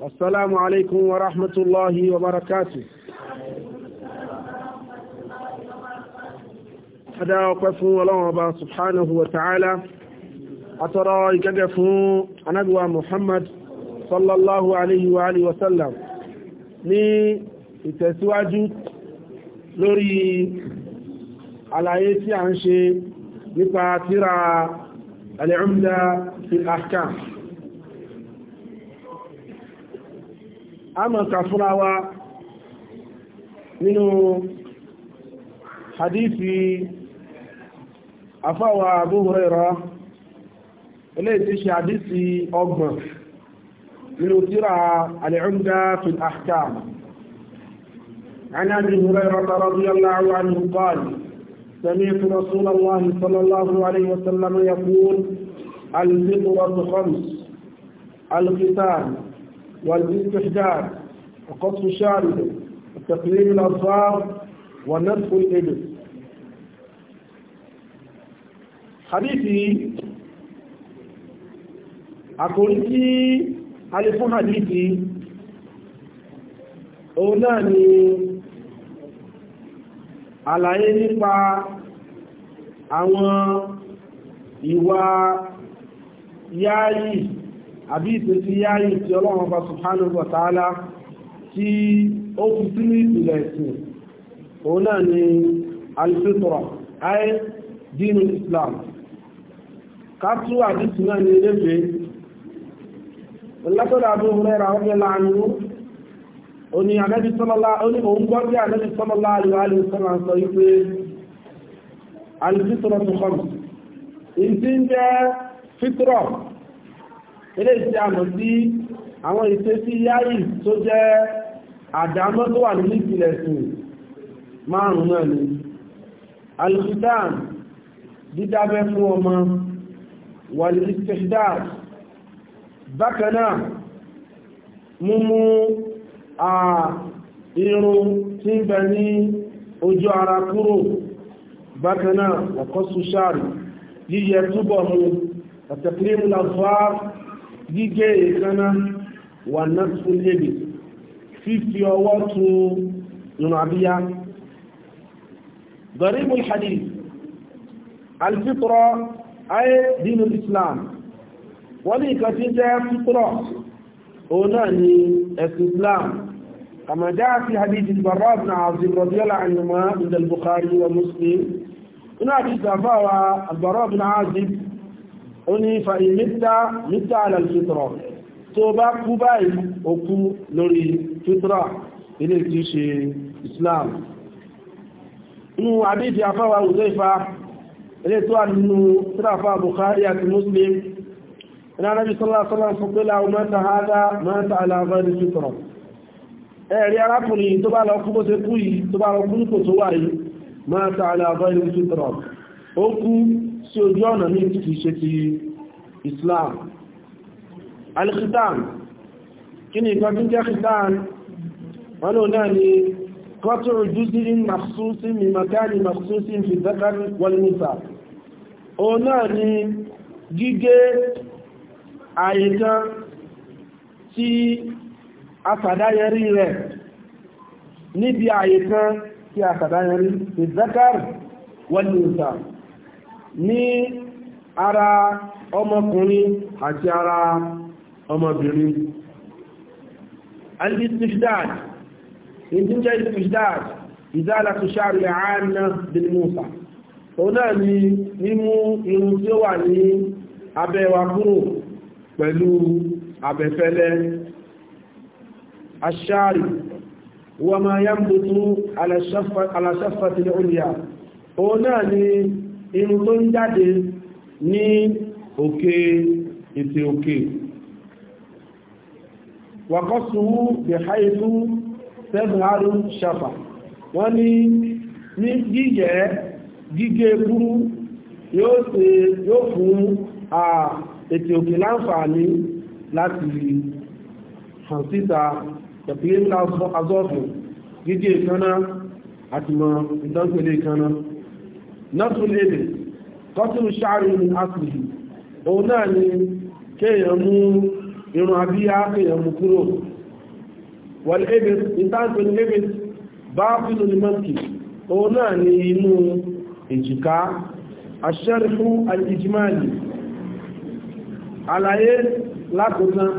والسلام عليكم ورحمة الله وبركاته Adá ọpẹ́ fún ọlọ́run ọba Subhanahu wa ta'ala, àtọrọ ìgẹ́gẹ́ fún anábíwa Muhammad sallallahu alayhi wa alihi wasallam ní ìtẹ̀síwájú lórí àlàyé tí a ń ṣe nípa tírà al-Umda fil Ahkam. àmọ̀ka fúnra wa nínú hadithi afáwà Abu Hurairah eléyìí tí ṣe hadithi ọgbọ̀n nínú tíra al fi al عن ابي هريره رضي الله عنه قال سمعت رسول الله صلى الله عليه وسلم يقول الفطره خمس الختان والاستحداد وقص الشارب وتقليل الأظفار ونفخ الإبل حديثي أقولتي ألف حديثي òun على ni àlàyé nípa يعيش àbí ìtẹ́sí yáyì tí ọlọ́run ọba subhanahu wa ta'ala tí ó fi sínú ìpìlẹ̀ ẹ̀sìn òun náà ni alifitra ay dínú islam kátú àdìsí náà ni elébe látọ́dà bí òun rẹ̀ ọ̀gbẹ́ láàánú oní ànábì sọ́lọ́lá oní òun gbọ́ bí ànábì sọ́lọ́lá àlùwálù sọ́lá sọ wípé alifitra tó kọ́ ilé ìsẹ́ àmọ̀ sí àwọn ìṣe sí yáyì tó jẹ́ àdámọ́ tó wà nínú ìpìlẹ̀ sùn márùn-ún náà ni alìsìtàn dídábẹ́ fún ọmọ wàlìsìtàn bákan náà múmú à irun tí ń bẹ ní ojú ara kúrò bákan ọ̀kọ́ sùsáàrì yíyẹ túbọ̀ mú àtẹ̀kìrí mú làfáà gígé èékánná wà náà tún lébi fífi ọwọ́ tún nínú àbíyá ضريب الحديث الفطرة أي دين الإسلام wọ́n nǹkan tí jẹ́ fítrọ̀ òun náà ni ẹ̀sìn islam kàmàjá àti hadith al-barra ibn azim radiyala anuma inda al wa muslim inú àti ìsàfáwa al-barra ibn azim ó ní fàyí mítà mítà alàlùfẹ́tọ̀rọ̀ tó bá kú báyìí òkú lórí fitra ilé tí ṣe islam inú àdíjì afáwà Huzaifa ilé tó wà nínú tíráfà Bukhari àti Muslim iná Nabi sallallahu alaihi wasallam fún pẹ́lá mẹ́ta hádá mẹ́ta aláàbẹ̀rẹ̀ fitra ẹ̀rí arákùnrin tó bá lọ kú bó ṣe sí ojú ọ̀nà ní tí kìí ṣe ti Islam al-khitan kí ni ìgbà tí jẹ́ khitan wọ́n lò náà ni kọ́tùrù jùsílín maksusin min makani maksusin fi zakari wal o náà ni gígé àyíkan tí a sàdáyẹrí rẹ̀ níbi àyíkan tí a sàdáyẹrí fi zakari wal ní ara ọmọkùnrin àti ara ọmọbìnrin al-istihdad ìdíjẹ́ istihdad ìdálà tó ṣàrí àánà bilmusa òun náà ni mímú irun tí ó wà ní abẹ́wà kúrò pẹ̀lú abẹ́fẹ́lẹ́ aṣáàrí wọ́n máa yá ń bó tún aláṣẹ́fà tí ó ní à òun náà ni irun tó ń jáde ní òkè ètè òkè wàkọ́sùwú bẹ̀háìtú sẹ́bùnárù ṣàfà wọ́n ní ní gígẹ̀ gígé kúrú yóò ṣe yóò fún à ètè òkè láǹfààní láti hàn síta ẹ̀pìlẹ̀ azọ́fù gígé ìkaná àti mọ̀ ìkaná nọ́tún lèdè kọ́tún ṣáàrí ní asìlì òun náà ni kéèyàn mú irun abíyá kéèyàn mú kúrò wọ́n lèdè ìtàǹtò ní lèdè bá fílù ní mọ́kì òun náà ni inú èjìká aṣẹ́rìfú alìjìmáàlì àlàyé lákòótán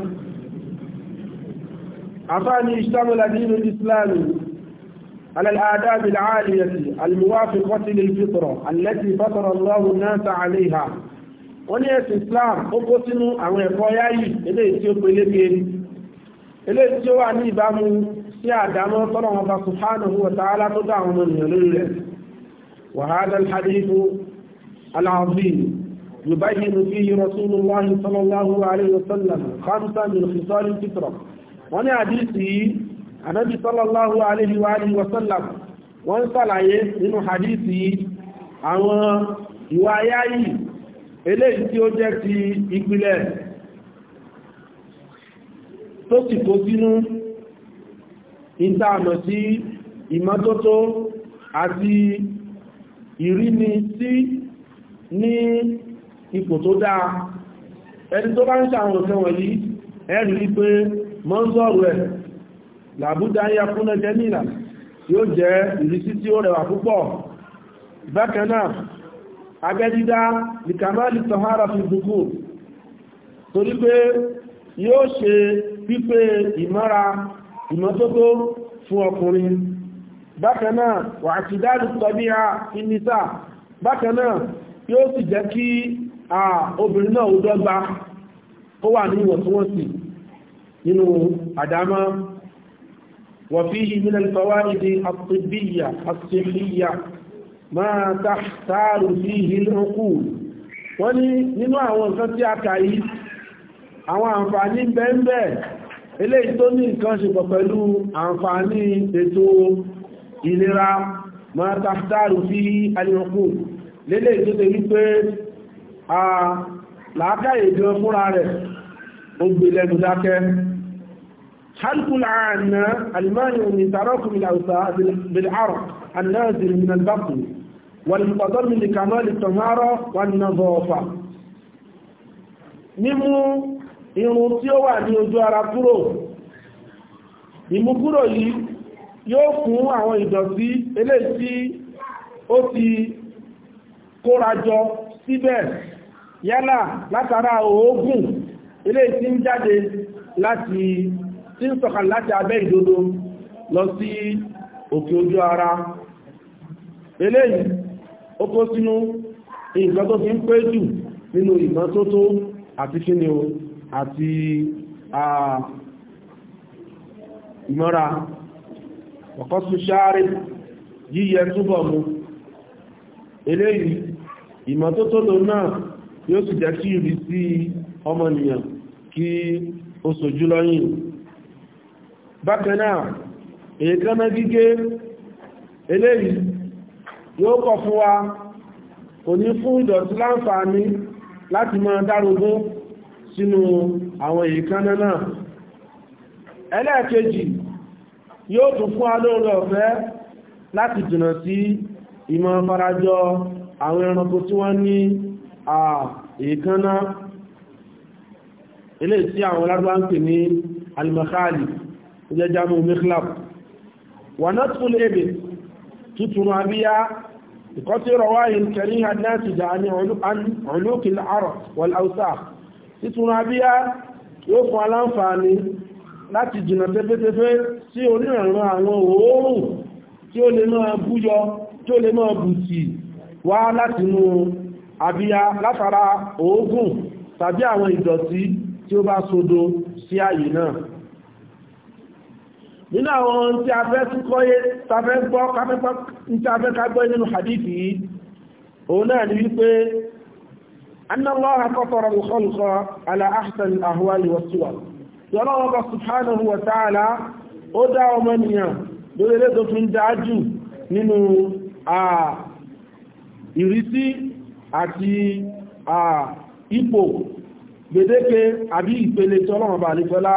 afáàní ìṣàmọ́lá nínú ìsìláàmù على الآداب العالية الموافقة للفطرة التي فطر الله الناس عليها wọ́n ní ẹ̀sìn Islam ó kó sínú àwọn ẹ̀kọ́ yáyì eléyìí tí ó peléke eléyìí tí ó wà ní ìbámu sí àdámọ́ tọ́lọ̀ wọn bá subhanahu wa ta'ala tó dá àwọn ènìyàn lórí rẹ̀ wa hadha al-hadithu al-azim yubayyinu fihi rasulullah sallallahu alayhi wa sallam khamsa min khisal al-fitra wọ́n ní àdìsí yìí anábi sallallahu alaihi wa alihi wasallam sallam wọ́n sàlàyé nínú hadithi àwọn ìwà ayáyì eléyìí tí ó jẹ́ ti ìpìlẹ̀ tó sì kó sínú ìtààmà sí ìmọ́tótó àti ìríni sí ní ipò tó dáa ẹni tó bá ń ṣàwọn òṣèwọ̀n yìí ẹ̀rí wípé mọ́ ń sọ̀rọ̀ ẹ̀ làbúdá ń yakúnná jẹ́mìnà yóò jẹ́ ìrísí tí ó rẹwà púpọ̀ bákan náà ní kàmáàlì tọ́hárà fi dùkú torí pé yóò ṣe pípé ìmọ́ra ìmọ́tótó fún ọkùnrin bákan wà ti dáàlù tọ́bí inisa yóò a obìnrin náà ó dọ́gba ó wà ní nínú وفيه من الفوائد الطبية الصحية ما تحتار فيه العقول wọ́n ní nínú àwọn nǹkan tí a kà yìí àwọn àǹfààní bẹ́ẹ̀bẹ́ eléyìí tó ní nǹkan ṣe pọ̀ pẹ̀lú àǹfààní ètò ìlera ma tàftàrù fi alìrànkù lélẹ̀ tó tẹ́ wípé a làákàyè gan fúnra rẹ̀ ó gbé lẹ́nu dákẹ́ حلق العانة المانع من تراكم الأوساخ بالعرق النازل من البطن والمتضمن لكمال الطهارة والنظافة mímú irun tí ó wà ní ojú ara kúrò ìmúkúrò yìí yóò fún àwọn ìdọ̀tí eléyìí tí ó ti kórajọ síbẹ̀ yálà látara òógùn eléyìí ń jáde láti tí ń sọ̀kà láti abẹ́ ìdodo lọ sí òkè ojú ara eléyìí ó kó sínú nǹkan tó fi ń pé jù nínú ìmọ́tótó àti kíni o àti ìmọ́ra ọ̀kọ́sù ṣáàrí yíyẹ túbọ̀ mú eléyìí ìmọ́tótó lò náà yóò sì jẹ́ kí ìrísí ọmọnìyàn kí ó sojú lọ́yìn bákanáà èékánná gígé eléyìí yóò kọ̀ fún wa kò ní fún ìdọ̀tí láǹfààní láti máa dárogún sínú àwọn èékánná náà ẹlẹ́ẹ̀kejì yóò tún fún alóòrò ọ̀fẹ́ láti jìnà sí ìmọ̀ farajọ àwọn ẹranko tí wọ́n ní èékánná eléyìí tí àwọn lágbàǹkì ní alimakali ó jẹ́ jámù mikhlab wà náà tún ebè tuntun abíyá ìkọ́tí rọwá yìí kẹrí àdáàtì jà ní ọlọ́kì àrọ̀ wọláúsá tuntun abíyá yóò fún aláǹfààní láti jìnà tẹ́fẹ́tẹ́fẹ́ sí onírànràn àwọn òórùn tí ó lè máa búyọ tí ó lè máa bùtì wá látinú àbíyá látara òógùn tàbí àwọn ìdọ̀tí tí ó bá sodo sí àyè náà nínú àwọn ohun tí a fẹ́ kọ́yé tafẹ́ gbọ́ káfẹ́fẹ́ tí a fẹ́ kágbọ́ nínú hadithi yìí òun náà ni wípé annallaha qatara al-khalqa ala ahsani al-ahwali was-suwar yọ́lọ́wọ́ bá subhanahu wa ta'ala ó dá ọmọ ènìyàn lórí eléso fi ń dájú àbí ìpele tí ọlọ́wọ́ bá àlejọ́lá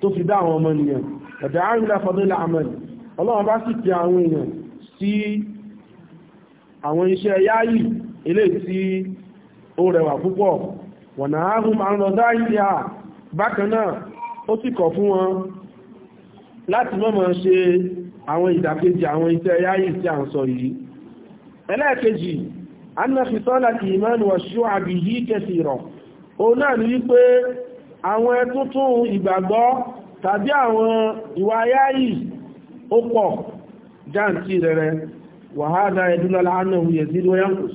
tó fi dá àwọn ọmọ ènìyàn ọ̀dá àrùn láfọdún láàmàlì ọlọ́run bá sì pè àwọn èèyàn sí àwọn iṣẹ́ yáyì ilé tí ó rẹwà púpọ̀ wọ̀nà ààrùn ma ń lọ dáìyà bákanáà ó sì kọ̀ fún wọn láti mọ́mọ̀ ṣe àwọn ìdàkejì àwọn iṣẹ́ yáyì tí à ń sọ yìí ẹlẹ́ẹ̀kejì annáfisọ́lá ti ìmánu ọ̀ṣọ́ àbìyí kẹsìrọ̀ òun náà ní wípé àwọn ẹtútún ìgbàgbọ́ tàbí àwọn ìwà ayáyì ó pọ̀ jáǹtì rẹ̀rẹ̀ wàhádà ẹ̀dúnlọ́lá ánàwò yẹ̀zídó yankus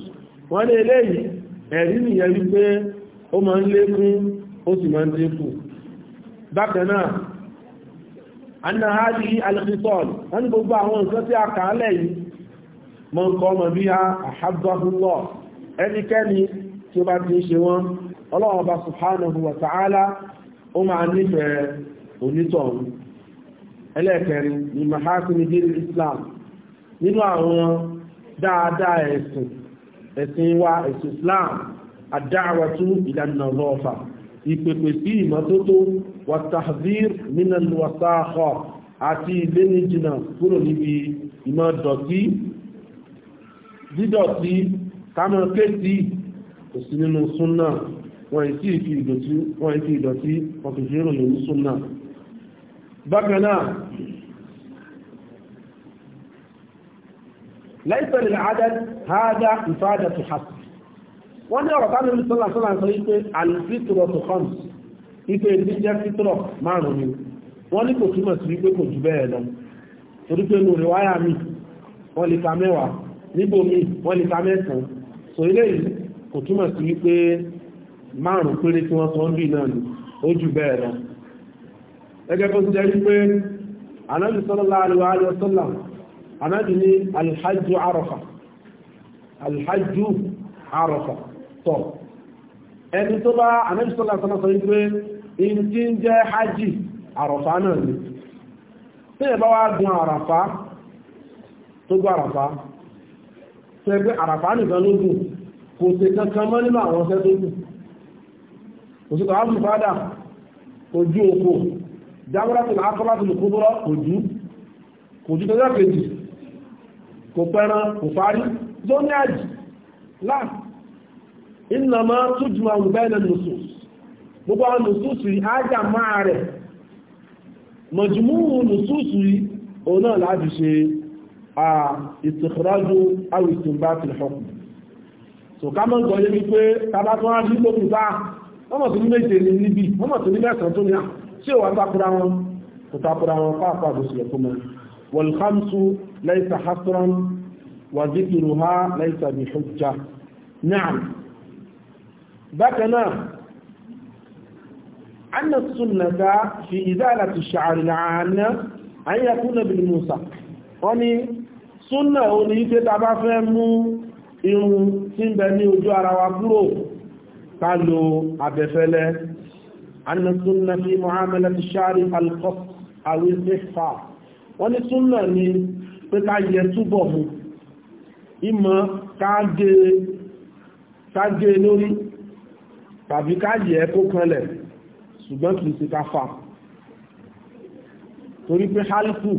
wọ́n lè léyìí ẹ̀rí nìyẹn wípé ó máa ń lékún ó sì máa ń lékún bákan náà anna hadi ẹnikẹ́ni tí ó bá ti ń ṣe wọ́n ọlọ́run ọba subhanahu wa ta'ala ó máa nífẹ̀ẹ́ onítọ̀hún ẹlẹ́ẹ̀kẹrin ni mahakumi dé Islam nínú àwọn dáadáa ẹ̀sìn ẹ̀sìn wa ẹ̀sìn Islam adáwàtú ìlànà lọ́fà ìpèpè sí ìmọ́tótó wàtàhzír nínú wàtàhọ̀ àti ilé ní jìnnà kúrò níbi ìmọ̀ dọ̀tí dídọ̀tí kámọ́ kéèsì kò sí nínú súnnà wọ́n ìsí ìfi ìdọ̀tí wọ́n fi ìròyìn súnnà bákanáà láìpẹ̀lẹ̀ àádá ìfádà tó hàpù wọ́n ní ọ̀rọ̀ tánà ìsọ́lá sọ́lá sọ wípé alìfítọ̀rọ̀ tó kọ́nù wípé ní jẹ́ fítọ̀rọ̀ márùn ni wọ́n ní kò túmọ̀ sí wípé kò jù bẹ́ẹ̀ lọ torí pé nù rìwáyà mi jù bẹ́ẹ̀ lọ gẹ́gẹ́ bó jẹ́ wípé anábì sallallahu alaihi wa sallam anábì ní alhajju arafa alhajju arafa tọ́ ẹni tó bá anábì sallallahu alaihi wa sallam sọ wípé in ti ń jẹ́ hajj arafa náà ni tí ẹ bá wá gun arafa tó gbọ́ àràfá tẹ́gbẹ́ àràfá nìkan ló gùn kò sí kankan mọ́ nínú àwọn ọ̀sẹ́ tó gùn kò sí kàwàá fàádà ojú oko dáwọ́rọ́tò akọ́látò lè kúrọ́ kò jú kò jú tọ́jọ́ kejì kò pẹran kò parí lóní àjì láà iná máa tújú àwọn bẹ́ẹ̀lẹ̀ nùsùs gbogbo àwọn nùsùs yìí ájá máa rẹ̀ mọ̀jùmúhù nùsùs yìí òun náà láti ṣe à ìtìkìrájú so ká mọ́ gbọ́ yé wípé tabatọ́ á rí lókùn bá wọ́n mọ̀ tí ó wà takura wọn kò takura wọn pàápàá bó ṣe yẹ kó mọ wal khamsu laysa hasran wa dhikruha laysa bi hujja na'am bákan náà anna sunnata fi izalati ash-sha'r al-'an an yakuna bil musaq wọ́n ní súnnà ò ní ta bá fẹ́ mú irun tí ń bẹ ní ojú ara wa kúrò ká lo abẹfẹ́lẹ́ أن السنة في معاملة الشعر القص أو الإحفاء wọ́n ní súnà ni pé ká yẹ túbọ̀ mú ìmọ̀ káàgé lórí tàbí ká yẹ kó kanlẹ̀ ṣùgbọ́n kìí sí ká fà torí pé hálùkù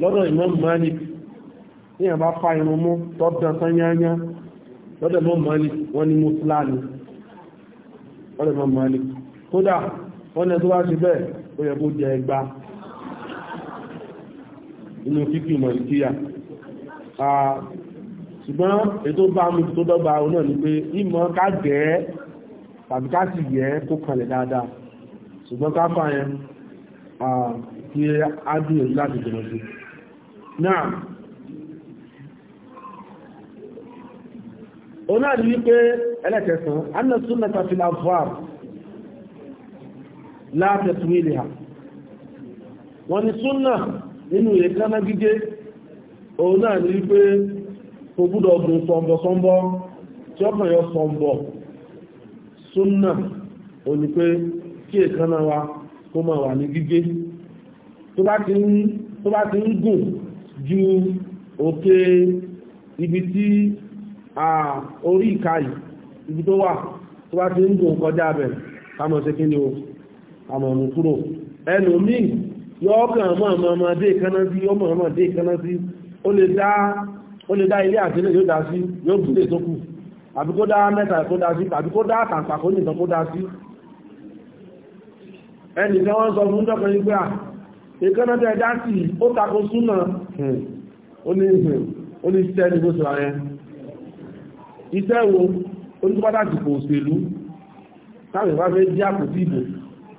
lọ́dọ̀ Imam Malik ní ẹ̀bá fa irun mú tọ́dán sányányá lọ́dọ̀ Imam Malik wọ́n ní mú fúlàní lọ́dọ̀ Imam Malik kódà wọ́n lẹ́ tó wá ṣe bẹ́ẹ̀ ó yẹ kó jẹ ẹgbá inú kíkì mọ̀ ìkíyà ṣùgbọ́n ètò bá mú tó dọ́gba ọ̀nà ni pé ìmọ̀ ká gẹ́ tàbí ká sì yẹ kó kalẹ̀ dáadáa ṣùgbọ́n ká fà yẹn kí á dúró láti jẹ̀mọ̀ sí náà ọ̀nà ni wípé ẹlẹ́kẹsàn-án anna sunnata fil afwar látẹ̀tún ilẹ̀ ha wọ́n ni súnnà nínú ìrẹ̀káná gígé òun náà ní wípé kò gbúdọ̀ ọdún sọmbọ̀sọmbọ̀ tí ọkàn yọ sọmbọ̀ súnnà ò ní pé kí ìrẹ̀káná wa kó máa wà ní gígé tó bá ti ń gùn ju òkè ibi tí orí ìkàyì ibi tó wà tó bá ti ń gùn kọjá bẹ̀ ká sí kí ni o àmọ̀nù kúrò ẹlòmíì yọ́ọ̀kàn mọ̀mọ̀dé kaná sí yọ́mọ̀mọ̀dé kaná sí ó lè dá ilé àtẹ́lẹ̀ yóò dá sí yóò gúlé tó kù àbí kó dá mẹ́ta kó dá sí àbí kó dá àtàpà kó nìkan kó dá sí ẹni tí wọ́n sọ fún dọ́kọ̀ ní pé à ìkaná tẹ́ dá sí ó tako súnà hmm. hmm, ó ní iṣẹ́ ní gbóṣù ààrẹ iṣẹ́ wo onípàtàkì kò òṣèlú táwọn ìbá fẹ́ jẹ́ àpótí ìbò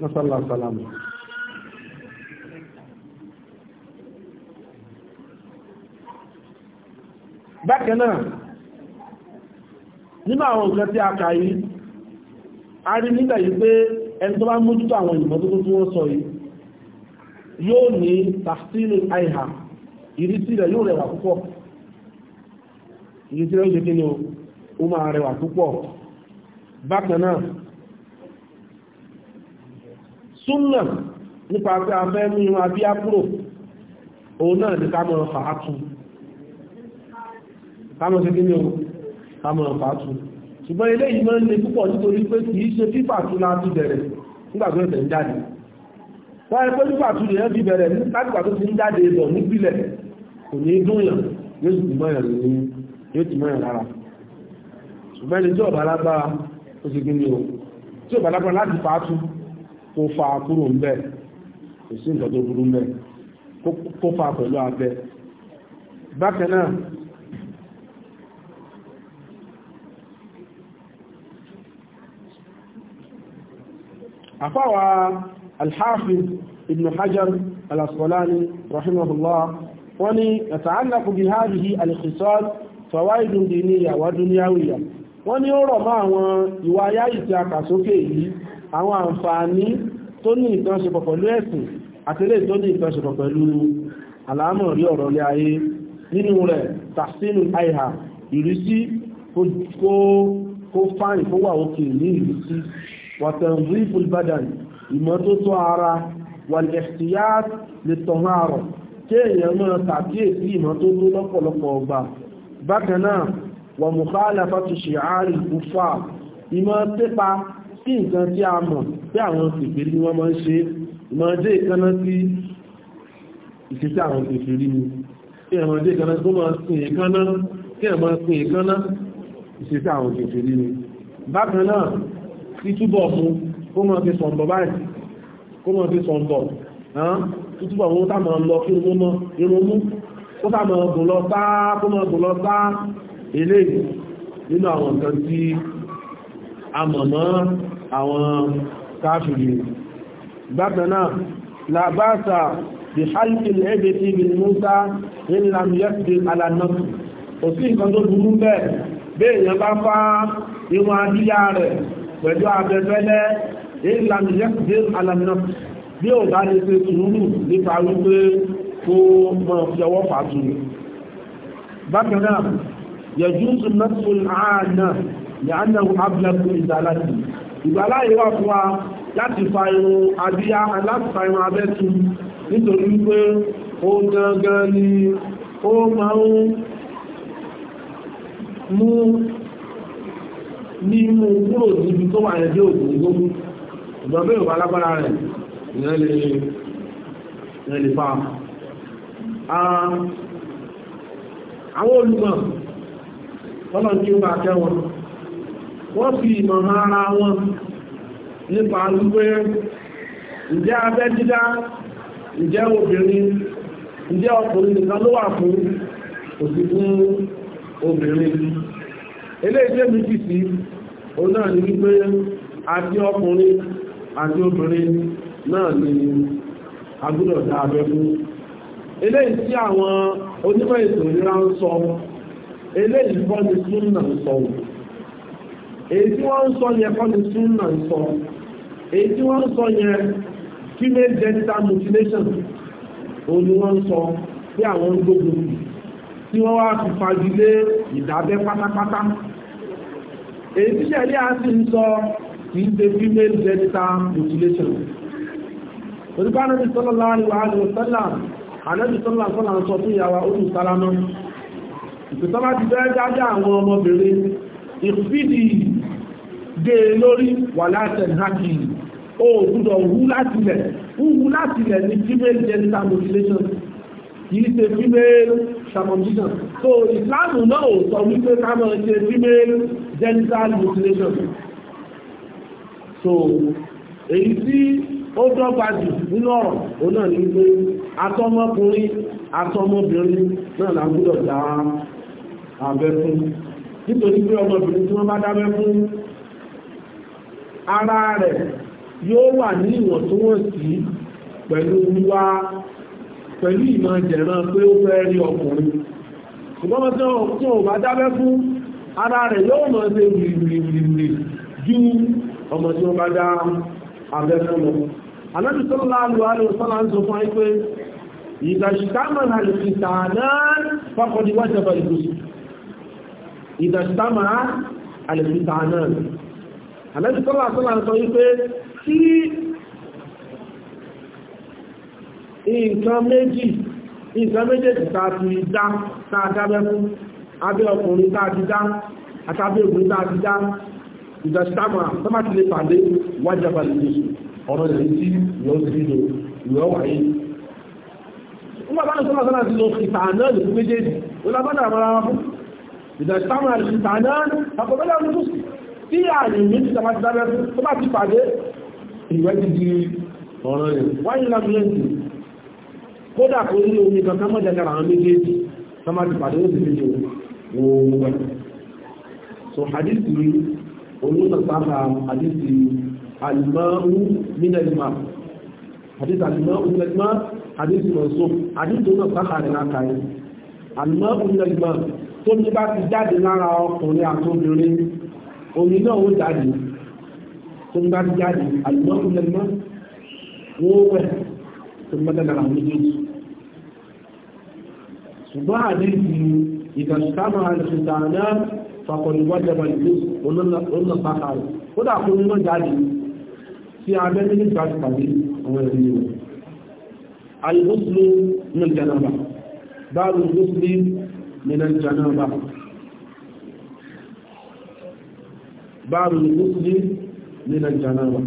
nasala salamu bákan náà nínú àwọn nǹkan tí a kà yìí a rí nígbà yìí pé ẹni tó bá mójútó àwọn ìmọ́tótó tí wọ́n sọ yìí yóò ní tàfsílì àìhà ìrísí rẹ̀ yóò rẹwà púpọ̀ ìrísí rẹ̀ yóò rẹwà púpọ̀ bákan náà súnà nípa pé a fẹ́ mú irun abíyá kúrò òun náà ní ká mọ̀ fàátù ká mọ̀ sí kíní o ká mọ̀ fàátù ṣùgbọ́n ilé yìí máa ń le púpọ̀ nítorí pé kì í ṣe fífàtú láti bẹ̀rẹ̀ nígbàgbọ́ ẹ̀fẹ̀ ń jáde wọ́n ẹgbẹ́ fífàtú lè ẹ́ fi bẹ̀rẹ̀ nígbàgbà tó ti ń jáde bọ̀ nípìlẹ̀ kò ní dúnyàn tí ò lágbára ó ti gbé ní o tí ò lágbára láti fàátù kó fa kúrò ń bẹ̀ kò sí nǹkan tó burú ń bẹ̀ kó fa pẹ̀lú abẹ bákan náà àfáwà alhafiz ibn hajar al-asqalani rahimahullah wọ́n ní ẹ̀tàánàkù bí háàbìí alìkìsọ́l fọwáìdùn dìníyà wà dúníyàwìyà wọ́n ní ó rọ̀ mọ́ àwọn ìwà ayáyì tí a kà sókè yìí àwọn àǹfààní tó ní ìtànṣepọ̀ pẹ̀lú ẹ̀sìn àti lè tó ní ìtànṣepọ̀ pẹ̀lú àlámọ̀ rí ọ̀rọ̀ lé ayé nínú rẹ̀ tàṣínú àìhà ìrísí kó fáìn kó wà òkè ní ìrísí wàtẹ̀ǹrí fulbadan ìmọ́tótó ara wàlẹ̀ṣìyá lè tọ̀hún àrọ̀ kéèyàn máa tàkíyèsí ìmọ́tótó lọ́pọ̀lọpọ̀ ọgbà bákan náà wà mùkálà fàtúṣì ìmọ̀ tẹ́pa kí nǹkan tí a mọ̀ pé àwọn kèfèrí ni wọ́n máa ń ṣe ìmọ̀ọ́dé ìkaná sí ìṣẹ́sẹ́ àwọn kèfèrí ni kí ẹ̀mọ̀ọ́dé ìkaná tó máa sin ìkaná kí ẹ̀mọ̀ sin ìkaná ìṣẹ́sẹ́ àwọn kèfèrí ni bákan náà sí túbọ̀ mú kó mọ̀ fi sọ̀ǹbọ̀ báyìí kó mọ̀ fi sọ̀ǹbọ̀ túbọ̀ mú tá mọ̀ lọ kí tá mọ̀ gùn lọ a mọ̀ mọ́ àwọn káfìrí bákanáà làbáṣà bí halkil ẹgbẹ̀ tí bí múta nílam yẹ́sì alánàtù kò sí nǹkan tó burú bẹ́ẹ̀ béèyàn bá fá irun adíyá rẹ̀ pẹ̀lú abẹ́fẹ́lẹ́ nílam yẹ́sì alánàtù bí ò bá lè ṣe sùúrù nípa wípé kó mọ̀ fi ọwọ́ fàtú bákanáà ìgbàláyé wà fún wa láti fa irun abíyá láti fa irun abẹ́tu nítorí pé ó gangan ni ó máa ń mú ní mú kúrò níbi tó wà ẹgbẹ́ òkùn gbogbo ìgbàgbé ìwà alágbára rẹ̀ ìrìn lè fa àwọn olùmọ̀ ọlọ́run tí ó bá kẹ́ wọn wọ́n fi ìmọ̀ ara wọn nípa wípé ǹjẹ́ abẹ́ dídá ǹjẹ́ obìnrin ǹjẹ́ ọkùnrin nìkan ló wà fún òsì obìnrin eléyìí mi ti sí òun náà ní wípé àti ọkùnrin àti obìnrin náà ni agbúdọ̀ dá abẹ́ fún eléyìí tí àwọn onímọ̀ ètò ìlera ń èyí tí wọ́n ń sọ yẹn kọ́ sọ èyí tí wọ́n ń sọ yẹn female genital mutilation òun wọ́n ń sọ pé àwọn ń gbógun tí wọ́n wá fi fagilé ìdábẹ́ pátápátá èyí tí ṣẹlẹ̀ á sì ń sọ kì í ṣe female genital mutilation ti sọ́lọ́ láàrin wàhálà sọ́lọ́ àkọ́là ń gé e lórí wà láti ẹ̀hákì ó gbúdọ̀ wú láti lẹ̀ wúwú láti lẹ̀ ní female genital mutilation kìí ṣe female circumcision so Islam náà ò sọ wípé ká ṣe female genital mutilation so èyí tí ó dọ́gba jù nínú ọ̀rọ̀ òun náà ní pé atọ́mọkùnrin atọ́mọbìnrin náà la gbúdọ̀ dá abẹ́ fún nítorí pé ọmọbìnrin tí wọ́n bá dábẹ́ fún ara rẹ̀ yóò wà ní ìwọ̀ntúnwọ̀nsí pẹ̀lú wíwá pẹ̀lú ìmọ̀ jẹ̀ran pé ó fẹ́ rí ọkùnrin ṣùgbọ́n tí ó bá dábẹ́ fún ara rẹ̀ yóò mọ̀ ṣe wìrìwìrì ju ọmọ tí ó bá dá abẹ́ fún lọ àlẹ́bí tọ́lá àtọ́lá ń sọ wípé tí nǹkan méjì nǹkan méjèèjì tààtì dá tààdábẹ́ fún abẹ́ ọkùnrin tààtì dá àtàbí obìnrin tààtì dá ìdọ̀sítàmà tọ́mátì lè pàdé wájàbà lè ọ̀rọ̀ rẹ̀ tí yóò sí lò yóò wáyé nígbà bá ní sọ́lá sọ́lá sí lọ ìta náà lè fún méjèèjì ó lábádà àmàrà fún ìdọ̀sítàmà ìta náà àkọ́bẹ́lẹ́ ọdún tó sì tí ààyè méjì tàbá ti dábẹ́ tó bá ti pàdé ìwẹ́ ti di ọ̀rọ̀ rẹ̀ wáyé lábúlẹ́ǹtì kódà kó ní omi kan kán mọ́jà lára àwọn méjèèjì tán máa ti pàdé ó sì fi jò wọ́n gbẹ̀. so hadithi olùsọ̀sáfà hadithi alimau minelima hadithi alimau minelima hadithi mọ̀sọ́ hadithi olùsọ̀sáfà rẹ̀ lákàáyé alimau minelima tó ní bá ti jáde lára ọkùnrin àtòbìnrin omi náà ó jáde tó ń bá jáde àlùmọ́kù lẹ́mọ́ wọ́n wẹ̀ tó ń bá dára méjèèjì ṣùgbọ́n àdéhùn ìdàṣùkámà àlùsùtàná fàkọ̀lù wájàbà ìlú olóńlọ́pàá rẹ̀ ó dà kó mímọ́ jáde sí abẹ́ nínú ìgbàjú tàbí àwọn ẹ̀rí rẹ̀ alìbùsùlù ní ìjànàbà báàrùn ìbùsùlù ní ìjànàbà báàrù ní gúúsùlé nílẹ̀ jànáwà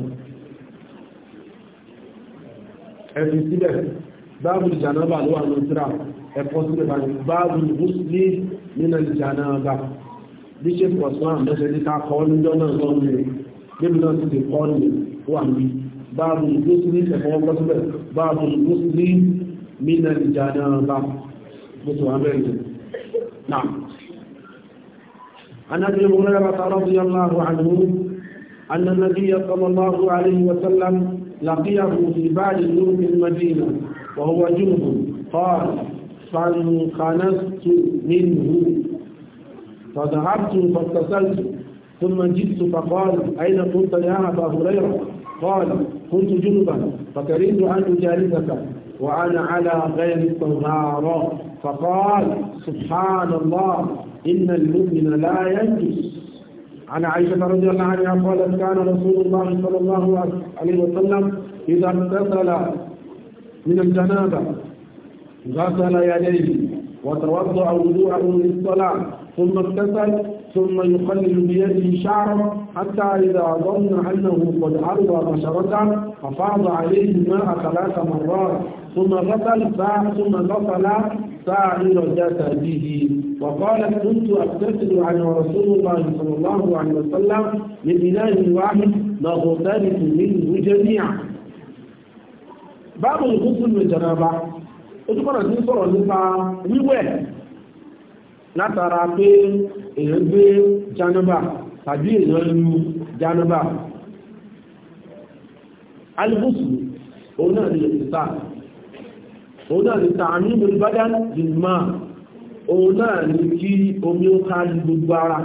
ẹ̀fì sílẹ̀ báàrù ní jànáwà ló wà lọ́síra ẹ̀kọ́ sílẹ̀ báàrù ní gúúsùlé nílẹ̀ jànáwà bíṣẹ́ pọ̀sán àmẹ́sẹ̀ ní ká kọ́ níjọ́ náà lọ́nà níbi náà ti kọ́ ní wà ní báàrù ní gúúsùlé ẹ̀kọ́ gọ́sílẹ̀ báàrù ní gúúsùlé عن ابي هريره رضي الله عنه ان النبي صلى الله عليه وسلم لقيه في بعد يوم المدينه وهو جنب قال فانخنست منه فذهبت فاتصلت ثم جئت فقال اين كنت يا ابا هريره قال كنت جنبا فكرهت ان اجالسك وانا على غير الطهاره فقال سبحان الله إن المؤمن لا ينجس عن عائشة رضي الله عنها قالت كان رسول الله صلى الله عليه وسلم إذا اغتسل من الجنابة غسل يديه وتوضأ وضوءه للصلاة ثم اغتسل ثم يقلل بيده شعره حتى إذا ظن أنه قد أروى بشرته ففاض عليه الماء ثلاث مرات ثم غسل ثم غسل سائر جسده وقالت كنت أغتسل على رسول الله صلى الله عليه وسلم من واحد لغترف منه جميعا باب الغسل من جنابه ó túnbọ̀ sí sọ̀rọ̀ nípa wíwẹ̀ látara pé èèyàn gbé janaba tàbí èèyàn lu janaba alibusu òun náà lè sá òun náà lè ta àmì ìbòlùbádá jùlọ òun náà lè kí omi ó ká gbogbo ara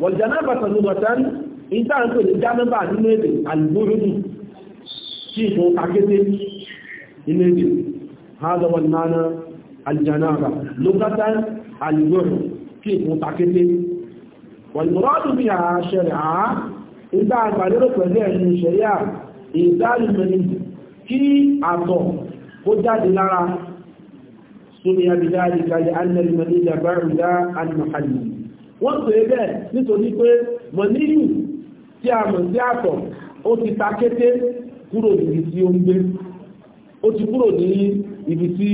wọ̀n janaba tàbí wọ̀tán ìta ń pè ní janaba nínú èdè alìbúrúdù sí ìfún akéde nínú èdè aljanaba lugatan alìgbòrò kí ìkún takété wàlùmọ́rọ́dù bí a ṣẹlẹ̀ á ìgbà àgbàlérò pẹ̀lú ẹ̀yìn ìṣẹ̀yà ìdálùmẹ́ni kí àtọ̀ kó jáde lára sórí abìdáàdì kalẹ̀ annalmẹ́ni dàbárùdá alìmọ̀hàlì wọ́n pè bẹ́ẹ̀ nítorí pé mọ̀níyù tí a mọ̀ sí àtọ̀ ó ti takété kúrò níbi tí ó ń gbé ó ti kúrò ní ibi tí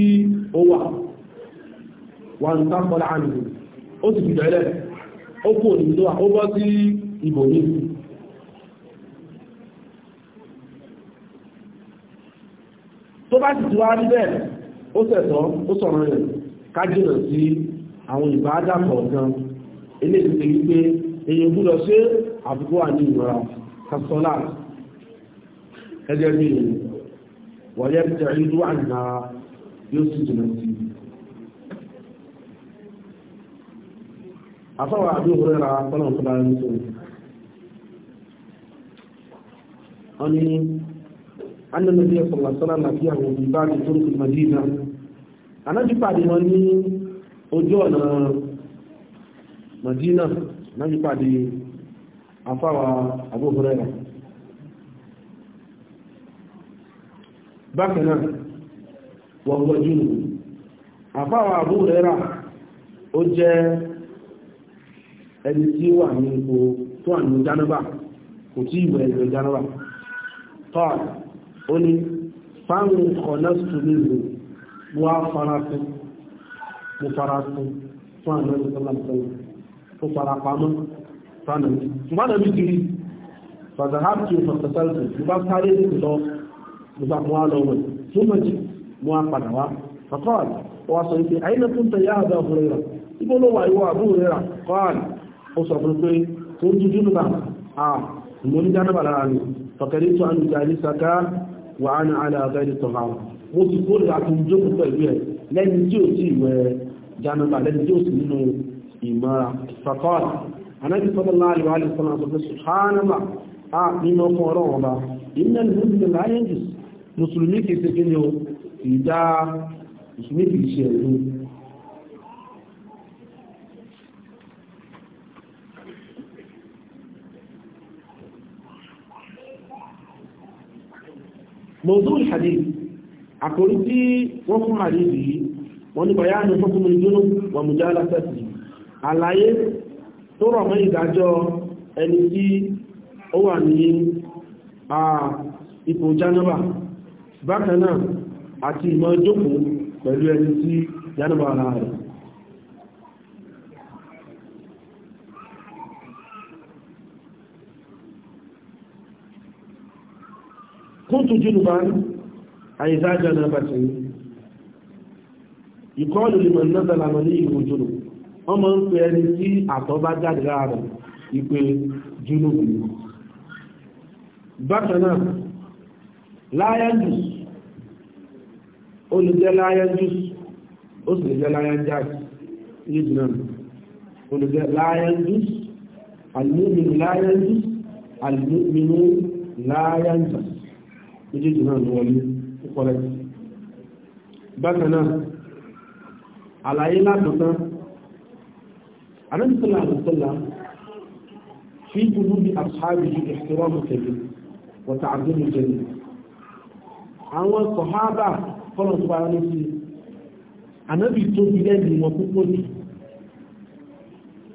ó wà wà ń sáfọ́lá àmì ó sì fi bẹ̀rẹ̀ ó kò ní tó wà ó bọ́ sí ibò ní tó bá sì ti wá rí bẹ́ẹ̀ ó sẹ̀tọ́ ó sọ̀rọ̀ rẹ̀ kájìnà sí àwọn ìbáadà kọ̀ọ̀kan eléyìí ti wípé èyàn gbúdọ̀ ṣe àbúkú wà ní ìrọ̀ra kásọ́lá ẹgẹ́ bí wọ̀nyẹ́ tẹ̀rí dúwà náà yóò sì jìnà sí i. àfọwọ́ àbí òwúrọ̀ ra pọ́nà ọ̀kọ́dá rẹ̀ nítorí. wọ́n ní annabi sallallahu alaihi wasallam fi àwọn ìbá ti tó rúkú madina anájú pàdé wọn ní ojú ọ̀nà madina anájú pàdé afáwà Abu Hurairah bákan náà wọ́gbọ́jú àfáwọn àbúrẹ́ rà ó jẹ́ ẹni tí wà ní ipò tó wà ní jánúbà kò tí ìwẹ̀ ìwẹ̀ jánúbà tọ́ọ̀ ó ní fáwọn kọ̀nẹ́sù nílò wá farafin mo farafin fún àwọn ẹni sọ́lọ́sọ́lọ́ ó farapamọ́ fánàmì fánàmì kiri fàzàhàbì wọ́n padà wá fàkọ́ọ̀lù wọ́n sọ ìpé àìlẹ́ fún tẹ̀yà àbẹ́ ọ̀fúnrẹ́ rẹ̀ igbó ló wà ìwọ̀ àbúrò rẹ̀ kọ́ọ̀lù ó sọ fún pé tó ń dúdú nígbà à mo ní jánàbà lára ni fọ̀kẹ́rí tó àmì ìjà ní saka wà á ní alẹ́ abẹ́ ní tọ̀há mo ti kó lè àti jókòó pẹ̀lú ẹ̀ lẹ́ni tí ò sí ìwẹ̀ jánàbà lẹ́ni tí ò sí nínú ìmọ̀ra fàkọ́ọ̀lù anábì sọ́dọ̀lá àlùwà àlùwà sọ́dọ̀lá sọ pé sùhánàmà à nínú ọkọ̀ ọ̀rọ̀ wọn bá ìmọ̀ kìí dá ìsúnmí kìí ṣe ẹ̀dùn mọ̀tún ìhàdí tí wọ́n fún àdíjì yìí wọ́n ní bàyá ní fún kúmùn ìdúnú wà mú àlàyé tó rọ̀ mọ́ ìdájọ́ ẹni tí ó wà ní ipò jánàbà bákan àti ìmọ̀ jókòó pẹ̀lú ẹni tí yánàmà ara rẹ̀ kúntù jínúbá àìdájá náà bàtí ìkọlù lèmọ̀ náà lọ ní ìlú jùlọ wọ́n mọ́ ń pè ẹni tí àtọ̀ bá jáde lára ìpè jùlọ bákanáà láyájú ó lè jẹ́ láyá jùs ó sì lè jẹ́ láyá jáàkì yìí náà ó lè jẹ́ láyá jùs alìmúmìnú láyá jùs alìmúmìnú láyá jùs méjèèjì náà ló wọlé púpọ̀lẹ̀ bákanáà àlàyé látọ̀tán anábìsọ́lá àbùsọ́lá fi gbogbo bí àṣáàbì ìṣẹ́rọ̀ mọ̀tẹ̀lẹ̀ wọ̀tà àdúgbò jẹ́ àwọn sọ̀hábà kọ́lọ̀ tó wáyé lóṣù ànábì tóbi lẹ́nu wọn púpọ̀ ní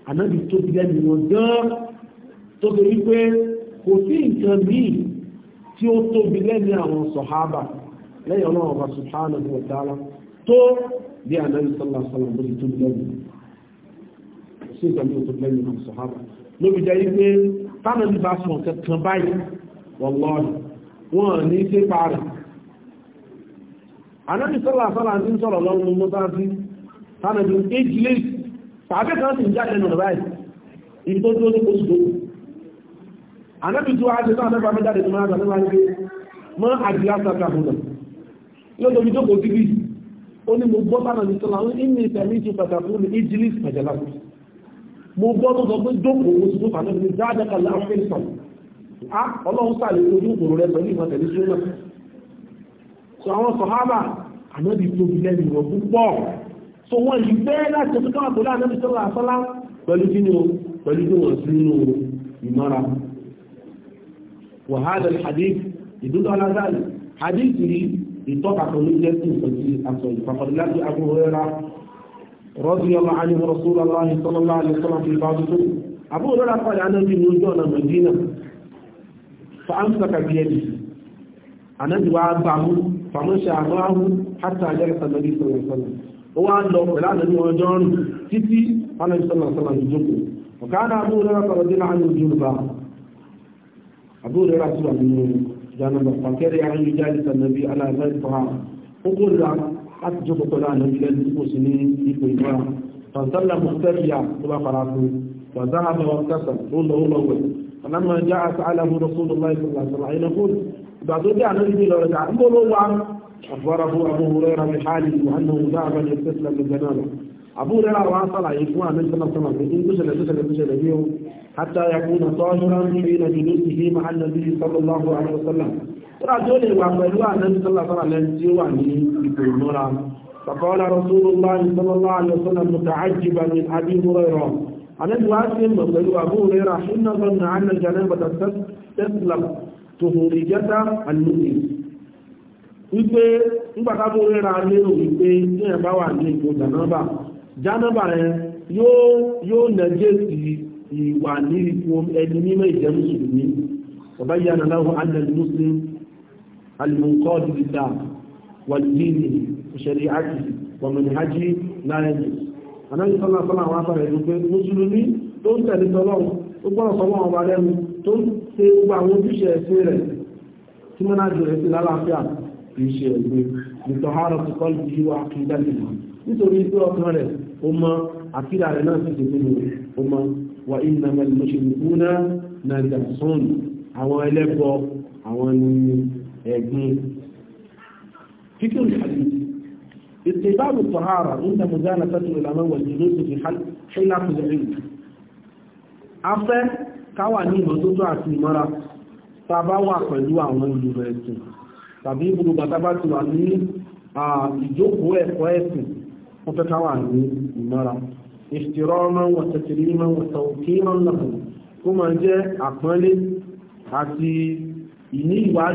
ànábì tóbi lẹ́nu wọn gan tó lè rí pé kò sí nǹkan míì tí ó tóbi lẹ́nu àwọn sọ̀hábà lẹ́yìn ọlọ́run ọba alaihi wasallam bó ti tóbi lẹ́nu sí nǹkan míì tó tóbi lẹ́nu àwọn sọ̀hábà lóbi jẹ́ yí pé ní ṣe pa anábì sọ́lá sọ́lá ti ń sọ̀rọ̀ lọ́wọ́ mú bá sí tánàbí ejìlé tàbí kan sì ń jáde nù rẹ̀ ibi tó tó ní oṣù tó anábì tó wá ti sọ́ àtẹ́fà mẹ́ta lè máa sọ nípa ní mọ́ àjíyá sọ́kà fún náà yóò tóbi tó kò síbi ó ní mo gbọ́ tánàbí sọ́lá ó ní ìtẹ̀mí ti pàtàkì ní ejìlé pàjẹ́lá tó sọ pé so àwọn sọ̀hábà ànábì tóbi lẹ́nu wọn púpọ̀ so wọ́n yìí bẹ́ẹ̀ láti ọdún káwọn pẹ̀lú ànábì sọ́lá àsọ́lá pẹ̀lú kí ni o pẹ̀lú kí wọ́n sí nínú ìmọ́ra wàhálà hadith ìdúdó alágbàlì hadith rí ìtọ́ka pẹ̀lú jẹ́ sí nǹkan tí a sọ ìfàkọ̀dé láti Abu Hurairah radiyallahu anhu Rasulullahi sallallahu alaihi wasallam fi bá dúdú Abu Hurairah pàdé ànábì ní ojú fàmúṣe àgbáhù hátà àjẹ́rẹ́sà lórí ìṣòro ìṣọ́nà ó wá lọ pẹ̀lú àdánù ọjọ́ rìn títí alẹ́sọ́nà sọ́nà ìjókòó ọ̀kadà àbúrẹ́rà sọ̀rọ̀ dínà àyè òjòrùbá àbúrẹ́rà sọ̀rọ̀ nínú ìjánàbà pàkẹ́rẹ́ àyè jálìsà nàbí aláìsọ́ha ó kó lọ láti jókòó pẹ̀lú ànábi lẹ́nu tí kò sí ní ipò ìgbà fàǹsálà mọ̀tẹ́rìà tó bá fara fún wàzáhà bá wà kásà فلما جاء سأله رسول الله صلى الله عليه وسلم ìgbà tó jẹ́ ànábì bí lọ́rọ̀ ta ń bó ló wá àfọ́rafú abúhurẹ́ rami hali wàhánu dáàbà ní ìfẹ́sílẹ̀ gbẹgbẹ́ náà lọ abúhurẹ́ rà wá sàlàyé fún ànábì sọ́nà sọ́nà pé ń gbéṣẹ̀lẹ̀ gbéṣẹ̀lẹ̀ gbéṣẹ̀lẹ̀ bí ó hátà yakun tọ́júra ń fi na jùlọ sí fi máa nàbí sallallahu alaihi wasallam kúrà tó lè wà pẹ̀lú ànábì sọ́nà sọ́nà lẹ́nu tí ó wà ní ipò ìmúra فقال رسول الله صلى الله عليه وسلم متعجبا من ابي هريره عن الواسم وقالوا ابو هريره حين ظن ان الجنابه تسلم tòhùnrìjẹ́ta àlùmí wípé nígbàtàbó rírà lérò wípé ní ẹ̀bá wà ní ipò jànábà jànábà rẹ̀ yóò nẹ́jẹ́ sí ìwà ní ipò ẹni mímọ̀ ìjẹ́ mùsùlùmí ọba yìí ànàláwọ̀ annal mùsùlùmí tó ń tẹ̀lé tọ́lọ́run ó gbọ́rọ̀ sọ́lọ́run wa lẹ́nu ṣe gbogbo àwọn ojúṣe ẹ̀sìn rẹ̀ tí wọ́n náà jọ ẹ̀sìn lálàáfíà kì í ṣe ẹ̀gbẹ́ ìtọ̀hárọ̀ ti kọ́ lùdí wa kì í dájú nítorí pé ọkàn rẹ̀ ó mọ àkídà rẹ̀ náà sì nínú ó mọ wa iná mẹ́lì káwà ní ìmọ́tótó àti ìmọ́ra tá bá wà pẹ̀lú àwọn olùrọ̀ ẹ̀sìn tàbí ibùdó bàtà bá ti wà ní ìjókòó ẹ̀kọ́ ẹ̀sìn wọ́n fẹ́ káwà ní ìmọ́ra ìṣtìrọ́mọ́ wọ̀tẹ̀tìrímọ́ wọ̀tọ̀kímọ́ lọ́pọ̀ kó máa jẹ́ àpọ́nlé àti ìní ìmọ̀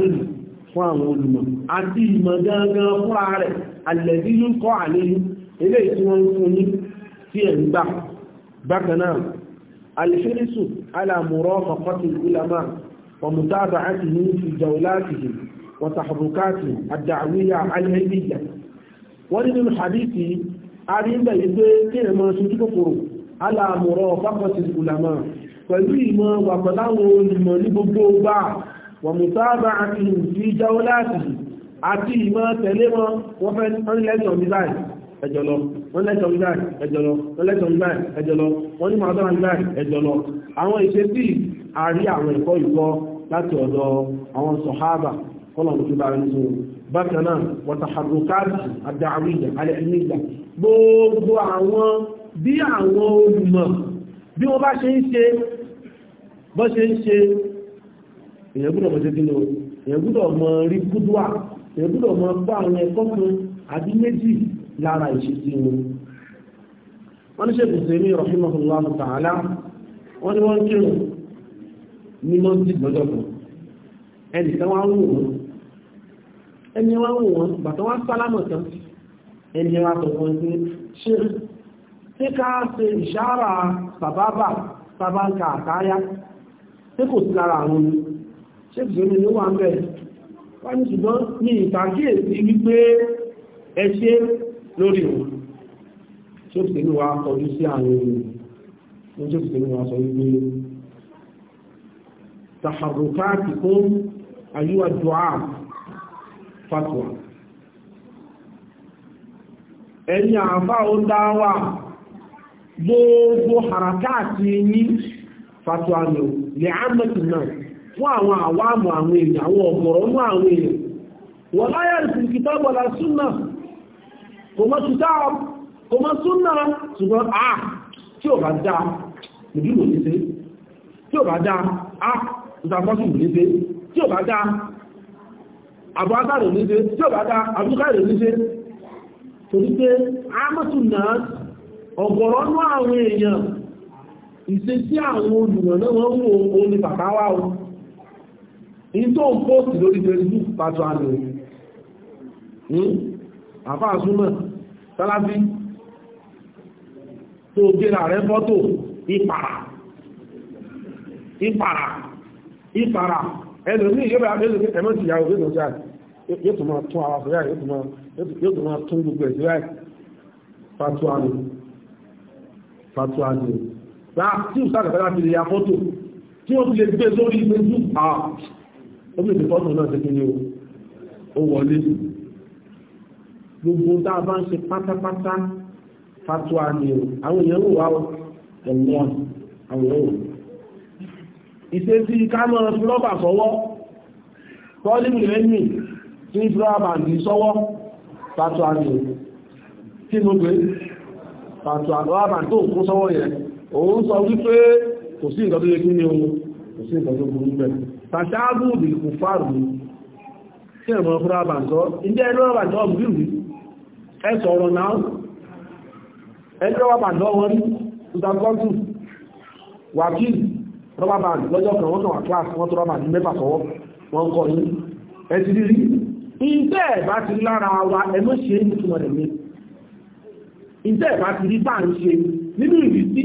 alifirisu alamuro fakọtí ulama wa mutaba'atihim fi jawlatihim wa tahrukatihim ad-da'wiyya al-'ilmiyya wọ́n nínú hadithi a rí ń bẹ̀yí pé kí ẹ̀mọ́ sojú kòkòrò alamuro fakọtí ulama pẹ̀lú ìmọ̀ wà pẹ̀láwọn olùmọ̀ ní gbogbo gbà wa mutaba'atihim fi jawlatihim àti ìmọ̀ tẹ̀lé wọn wọ́n fẹ́ ń lẹ́yìn ọ̀mí báyìí ẹjọ́ lọ wọ́n lẹ́jọ́ ń gbáì ẹjọ́ lọ wọ́n lẹ́jọ́ ń gbáì ẹjọ́ lọ wọ́n ní màá dára ń gbáì ẹjọ́ lọ àwọn ìṣesí àárí àwọn ẹ̀kọ́ ìkọ́ láti ọ̀dọ̀ àwọn sọ̀háàbà kọ́lọ̀mù tó bá ń sọ bákan náà wọ́tàhàrùkáàtì àdáàríyà alẹ́míyà gbogbo àwọn bí àwọn olùmọ̀ bí wọ́n bá ṣe ń ṣe bọ́ ṣe ń ṣe èyàn gbọ́dọ̀ mọ̀ ṣe kí lọ èyàn gbọ́dọ̀ mọ̀ rí kúdùá èyàn gbọ́dọ̀ mọ̀ bá àwọn ẹ̀kọ́ kan àbí méjì lára ìṣesí ni wọ́n ní ṣèkù sèmi rahimahullah ta'ala wọ́n ní wọ́n ń kírun ní mọ́sí lọ́jọ́ kan ẹnì kan wá ń wò wọ́n ẹni wá ń wò wọ́n bàtọ́ wá sálámọ̀ tán ẹni wá sọ fún ẹni ṣe tí ká ṣe ìṣára sàbábà sàbáǹkà àtáyá tí kò sí lára àwọn ni ṣe kù sèmi ló wà ń bẹ̀rẹ̀ wọ́n ní ṣùgbọ́n ní ìtàkíyèsí wípé ẹ ṣe lórí wọn tí ó sì ní wa kọjú sí àwọn ènìyàn tí ó sì ní wa sọ wípé tàhàrùkáàtì fún àyíwá ahụ fatwa ẹni àfá ó dáwà gbogbo hàràkáàtì ní fatwa lò lè ámẹ́tì náà fún àwọn àwámọ̀ àwọn àwọn ọ̀pọ̀rọ̀ àwọn èèyàn wọ́n láyé súnmọ̀ kò mọ́ ṣùtáàbù kò mọ́ súnà ṣùgbọ́n à ah, tí ò bá dáa lójú lò léṣe tí ò bá dáa ah, à ìtàkọ́sù léṣe tí ò bá dáa àbọ̀ agbára tí ò bá dáa àbúkárẹ̀ léṣe torí pé àmọ́sùnà ọ̀gọ̀rọ̀ nú àwọn èèyàn ìṣesí àwọn olùmọ̀ náà mú o bàbá wá o ní tó ń pọ́ọ̀tì lórí Facebook pàtó àmì àfáà súnmọ̀ tó gbéra rẹ̀ fọ́tò ìpàrà ìpàrà ìpàrà ẹlòmí yóò bá ẹlòmí ẹ̀mọ́ ti yàwó gbégbò jáà yóò máa tún àwọn àfẹ́yà yóò máa tún gbogbo ẹ̀sẹ̀ láì fatuwa ni fatuwa ni láà gbogbo tá a bá ń ṣe pátápátá fatuwa ni o àwọn èèyàn wò wá o ẹ̀wọ̀n àwọn èèyàn wò. ìṣesí kámọ́ fúlọ́bà sọ́wọ́ pọ́lìmù lẹ́yìn tí fúlọ́bà ń di sọ́wọ́ fatuwa ni o kí ló gbé fatuwa lọ́wọ́ bá tó kó sọ́wọ́ yẹn òun sọ wípé kò sí nǹkan tó yẹ kí ni o kò sí nǹkan burú bẹ́ẹ̀ tàṣáàbù bìí kò fáàrù tí ẹ̀mọ̀ fúlọ́bà ń sọ ilé ẹ̀rọ ẹ sọ̀rọ̀ náà ẹjọ́ wà bàndọ́ wọn rí ìdàgbọ́ntù wàkíl lọ́jọ́ kan wọ́n kàn wà wọ́n tó rọ́bà ní mẹ́fà sọ́wọ́ wọ́n kọ́ yí ẹ ti rí ìtẹ́ ẹ̀bá ti lára wa ẹmọ́ ṣe é nítumọ̀ rẹ̀ mi ìtẹ́ ti rí bá ń ṣe nínú ìrísí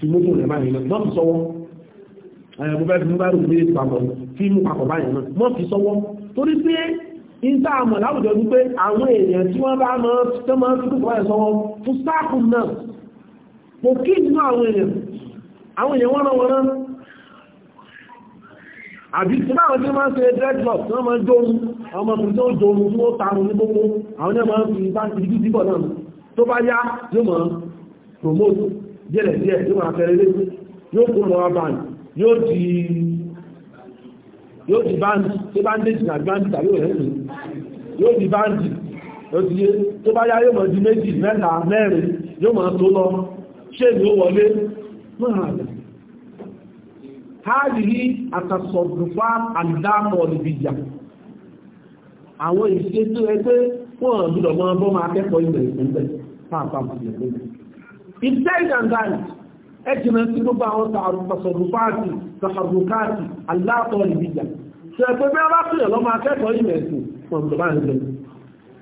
fi mọ́tò rẹ̀ báyìí náà mọ́tò sọ́wọ́ mo fẹ́ fi mú báyìí pé papọ̀ fi mú papọ̀ báyìí náà mọ́tò sọ́wọ́ torí pé ìta àmọ̀ láwùjọ wípé àwọn èèyàn tí wọ́n bá mọ́ tó mọ́ fi kúkọ̀ báyìí sọ́wọ́ fún sáàkù náà mo kí nínú àwọn èèyàn àwọn èèyàn wọ́n rán wọn rán àbí tí báwọn tí máa ń ṣe dreadlock tí wọ́n máa ń jóorun ọmọ tí ó jóorun tí ó tarun ní gbogbo àwọn náà máa ń fi bá ti dídí bọ̀ náà tó bá yá yóò mọ̀ promote díẹ̀lẹ̀ díẹ̀ yóò máa fẹ́rẹ́ lé yóò kó mọ́ band yóò di yóò di band tí bandage na band tàbí òyìn ní yóò di band yóò ti yé tó bá yá yóò mọ̀ di méjì mẹ́ta mẹ́rin yóò mọ̀ tó lọ ṣé ni ó wọlé máa rẹ̀ háàrí àtàsọ̀gbùfà àdámọ̀ ìbìyà àwọn ìṣẹ́ tó ẹgbẹ́ wọ́n gbọ́dọ̀ mọ́ bọ́ máa kẹ́kọ̀ọ́ ìgbẹ̀ ìpínlẹ̀ pàápàá ìpínlẹ̀ ibta'id an dhalik ẹ jìnà sí gbogbo àwọn tààrùpàṣọ̀rùpáàtì tààrùpáàtì aláàtọ̀ ìbíjà ṣẹ̀pẹ̀ bí wọ́n bá pè lọ́mọ akẹ́kọ̀ọ́ ìmẹ̀ ẹ̀sìn wọn bàbá ń bẹ̀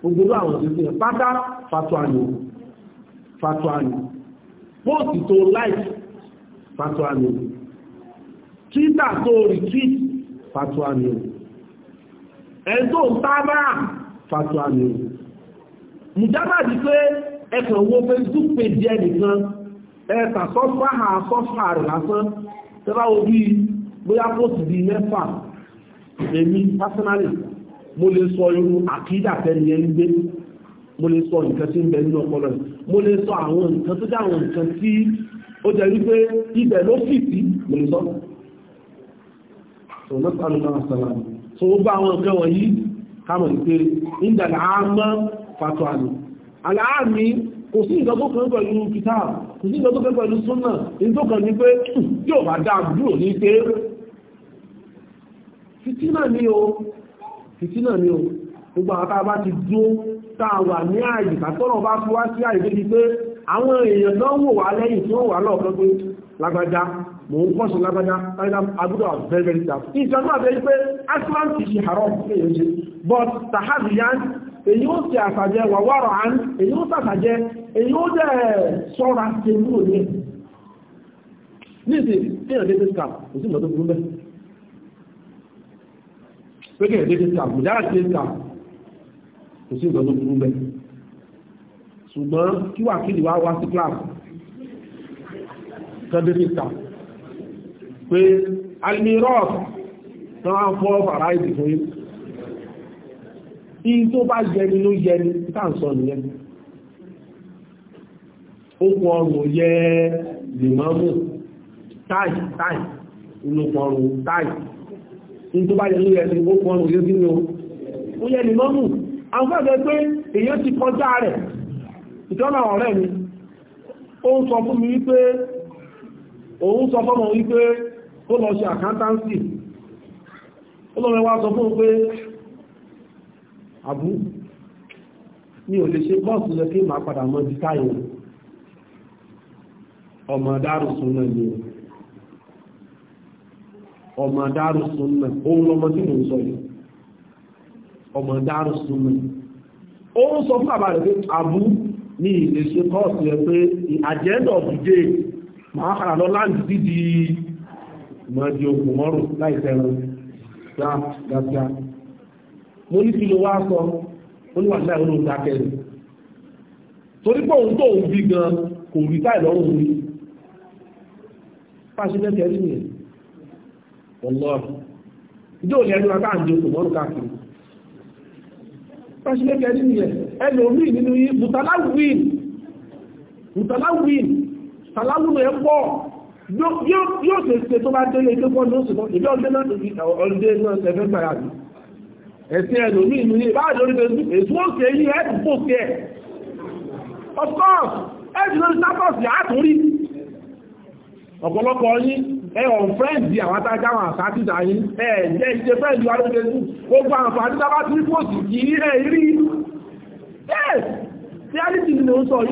ògbòrò àwọn ìdíje pátá fatuani fatuani bóòtù tó láìsí fatuani twitter tó retweet fatuani ẹ̀ tó ń tábà fatuani mùjábàdì pé ẹkàn wo facebook page ẹnìkan ẹ̀ẹ̀ta sọ́fà hà sọ́fà rẹ̀ lásán tẹ́lá orí bóyá post di mẹ́fà èmi personally mo lè sọ irú àkídà tẹ́ni ẹni gbé mo lè sọ nǹkan tí ń bẹ nínú ọpọlọ mo lè sọ àwọn nǹkan tó jẹ́ àwọn nǹkan tí ó jẹ́ wípé ibẹ̀ ló fi sí mo lè sọ ọ̀nà sàlùmọ́ àsàlà tó bá àwọn nǹkan wọ̀nyí kámọ̀ ní pé ìdàlá á mọ́ fàtọ́ àlùkù àlàámi kò sí ìdọ́gbọ́kẹ́ pẹ̀lú kìtàbù kò sí ìdọ́gbọ́kẹ́ pẹ̀lú súnà ìdọ́kàn ní pé tí ò bá dáa dúró ní pé fìtínà ni o fìtínà ni o gbogbo àwọn tàbá ti dúó tàwà ní ààyè tàtọ́rọ̀ bá fi wá sí ààyè débi pé àwọn èèyàn náà wò wá lẹ́yìn tí ó wà lọ́ọ̀kan pé lágbájá mò ń kọ́sùn lágbájá lágbájá agbúdọ̀ àbẹ́rẹ́ ìjọba àbẹ́rí pé aslan ti ṣe àrọ́ but tahabiyan èyí ó ti àtàjẹ wàwárọ̀ àn èyí ó sàtàjẹ èyí ó dẹ̀ sọ́ra ti mú òní níìsì kéèyàn dé tẹ́síkà kò sí ìmọ̀ tó burú bẹ́ẹ̀ pé kéèyàn dé tẹ́síkà kò dára ti tẹ́síkà kò sí ìmọ̀ tó burú bẹ́ẹ̀ ṣùgbọ́n kí wà kí ìwà wá sí kíláàsì kan dé tẹ́síkà pé almirọ́ọ̀sì tó fọ́ fàráìdì fún yìí in tó bá jẹni ló yẹni táǹsọ nìyẹn okùn ọrùn yẹ lèmọ́mù táì táì olùkùn ọrùn táì in tó bá jẹ ló yẹni okùn ọrùn yóò bínú ó yẹ lèmọ́mù àwọn fẹ́ẹ̀fẹ́ pé èyí ti kọjá rẹ̀ ìjọ́nà ọ̀rẹ́ mi ó ń sọ fún mi wípé òun sọ fọ́mọ wípé ó lọ ṣe àkántánsì ó lọ rẹwà sọ fún pé àbú mi o lè ṣe bọ́ọ̀sì lọ kí màá padà mọ́ díkà yẹn ọmọ dárùsùn náà ni ọmọ dárùsùn náà òun lọmọ tí mò ń sọ yìí ọmọ dárùsùn náà ó ń sọ fún àbá rẹ̀ pé àbú ní ilé ṣe kọ́ọ̀sì rẹ̀ pé àjẹ́ndọ̀ ọ̀dùdé máa kàrà lọ láti dídí mọ́ di ogun mọ́rùn láìsẹ̀rẹ̀ gbá mo ní kí ló wá sọ oníwàṣà ìwọ́n ló dákẹ́ rẹ̀ torí pé òun tó òun bí gan kò rí táì lọ́rùn mi fáṣí mẹ́tẹ̀ ẹ̀rí yẹn ọlọ́run ìjọ òní ẹnu aká àjò kò mọ́rùn káàkiri fáṣí mẹ́tẹ̀ ẹ̀rí yẹn ẹnu omi nínú yí mùtàláwìn mùtàláwìn tàláwìn ẹ̀ pọ̀ yóò ṣe ṣe tó bá délé tó pọ̀ ní oṣù tó ìjọ ọdún náà ẹ̀fẹ́ gbàrà mi ẹ̀sìn ẹlòmí ìlú ní báyìí lórí facebook èsù ó sì èyí ẹ̀ tó sí ẹ̀ of course ẹ̀sì lórí status yà á tún rí ọ̀pọ̀lọpọ̀ yín ẹ ọ̀n àwọn atájá wọn àtàtìdà yes reality ni mo ń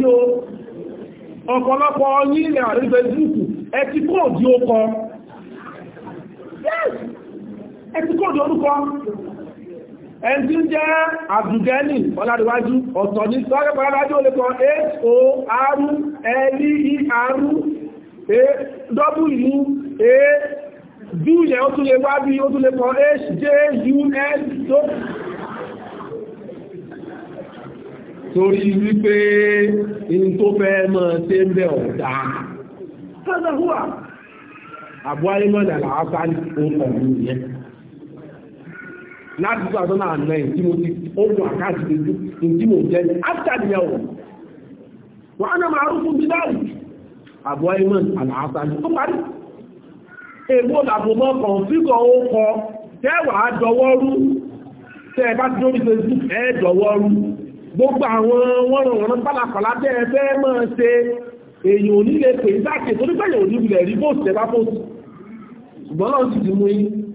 yes ẹ ti kóòdì orúkọ ẹni tí ń jẹ́ Abdulgani Ọládìwájú ọ̀tọ̀ ní sọ́rọ̀ pàdájú ó lè h-o-r-l-e-r-a-w-u dúùyẹ̀ ó tún lè wá bí ó tún lè kọ hjus tó torí wípé in tó fẹ́ mọ́ tẹ́ ń bẹ̀ ọ̀dá tọ́lọ̀húwà àbúwárí mọ́dà làápá ní ọkọ̀ láti 2009 tí mo ti ogun àkáàtì lójú tí mo jẹ́ afẹ́dìyàwó wọ́n á náà máa rú fún bíláàrí àbọ̀ ẹ̀mọ́n àlàáfàájú tó parí ègbò làbòmọ́ kan fígọ̀ ó kọ tẹ́wàá dọwọ́rú tẹ́ bá dórí facebook ẹ́ dọwọ́rú gbogbo àwọn wọ́nrọ̀wọ́n pálapàlá tẹ́ fẹ́ mọ́ ṣe èyàn onílé pè sáàkì tó nígbẹ̀yàn onílẹ̀ rí bóòsì tẹ́ ṣùgbọ́n náà sì ti mú yín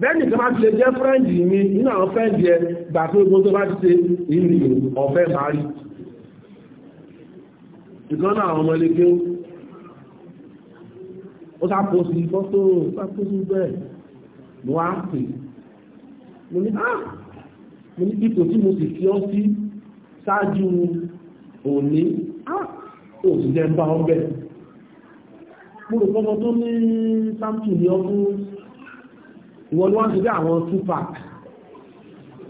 bẹ́ẹ̀ni kan bá ti ṣe jẹ́ fẹ́ǹdì mi nínú àwọn fẹ́ǹdì ẹ gbà pé ogun tó bá ti ṣe ìrìn ọ̀fẹ́ parí ìkọ́nà àwọn ọmọ ilé kéwú ó sápò sí fọ́tò sápò sí bẹ́ẹ̀ mo wá pè mo ní ah mo ní ipò tí mo sì fi ọ́ sí ṣáájú òní ah ó sì jẹ́ ń bá ọ bẹ́ẹ̀ mo rò fọ́mọ tó ní sáàmù ní ọdún ìwọ̀n ni wọ́n ti bí àwọn súpà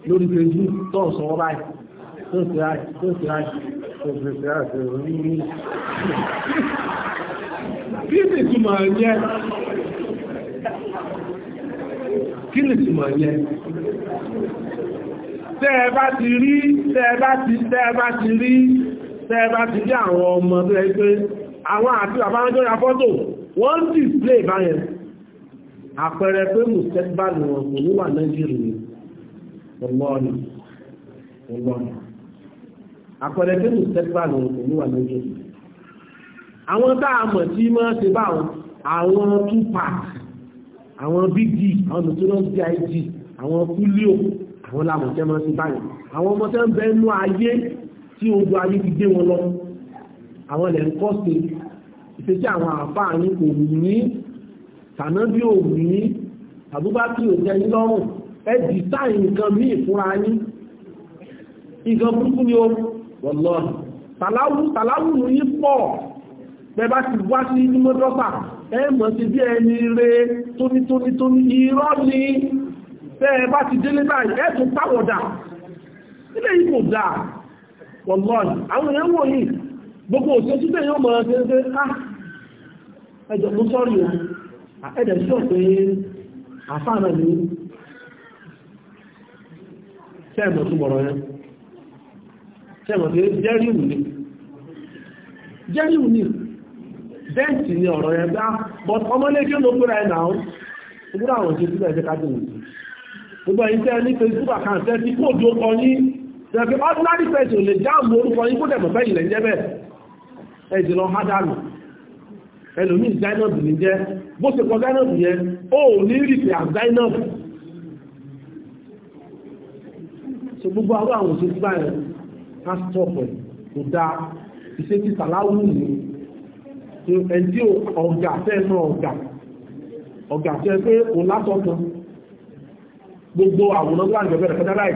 lórí péjú tó ń sanwó báyìí tó ń ṣe ráì tó ń ṣe ráì tó ń ṣe ráì tó ń rí rí kí ni ìtumọ̀ yẹ kí ni ìtumọ̀ yẹ tẹ́ ẹ bá ti rí tẹ́ ẹ bá ti tẹ́ ẹ bá ti rí tẹ́ bá ti rí àwọn ọmọ tó ẹ àwọn àti àbájọ́ ya wọ́n ń display báyẹn àpẹẹrẹ pé mùsẹ́gbà ni wọn kò ní wà nàìjíríà ọlọ́ọ̀nà ọlọ́ọ̀nà àpẹẹrẹ pé mùsẹ́gbà ni wọn kò ní wà nàìjíríà àwọn tá a mọ̀ tí máa ṣe bá àwọn two pack àwọn big d àwọn notorious big àwọn kúlíò àwọn làmọ̀tẹ́ máa ṣe báyìí àwọn ọmọ tẹ́ ń bẹ nú ayé tí ojú ayé ti gbé wọn lọ àwọn ilẹ̀ ń kọ́ sí ìfẹ́ sí àwọn àfáà ní kò ní tànábí ò ní àbúbákí ò jẹ́ ní lọ́rùn ẹ̀dì táì nǹkan míì fúnra yín nǹkan burúkú ni ó wọ̀lọ́ tàláwù ní pọ̀ bẹ́bá ti wá sí mọ́dọ́sà ẹ mọ̀ sí bí ẹni rẹ tónítónítóní irọ́ ni bẹ́ẹ̀ bá ti délé báyìí ẹ tún táwọ̀dà ilé yìí kò dáa wọ̀lọ́ àwọn èèyàn wọ̀nyí gbogbo òṣèṣúgbẹ̀ yóò mọ̀ ah, ẹ́ ẹ̀dẹ̀ sọ pé àfáànà ní tẹ́ẹ̀mọ̀ tún bọ̀rọ̀ yẹn tẹ́ẹ̀mọ̀ tí jẹ́ríwù ní jẹ́ríwù ní bẹ́ẹ̀tì ní ọ̀rọ̀ yẹn bá but ọmọlẹ́gbẹ́ ló gbúra ẹ̀nà ó gbúra àwọn tí sílẹ̀ ẹ̀jẹ́ ẹlòmí zainab ní jẹ́ bó ṣe kọ zainab yẹn ó ní rí pé zainab so gbogbo àwọn àwọn òṣèlú ti báyẹn á stọ́pẹ̀ kò dáa iṣẹ́ ti sàláwù ní ẹni tí ọ̀gà fẹ́ náà ọ̀gà ọ̀gá tí ẹ pé o látọ̀tọ̀ gbogbo àwòrán wà nígbẹ̀ẹ́ rẹ̀ fẹ́dáráì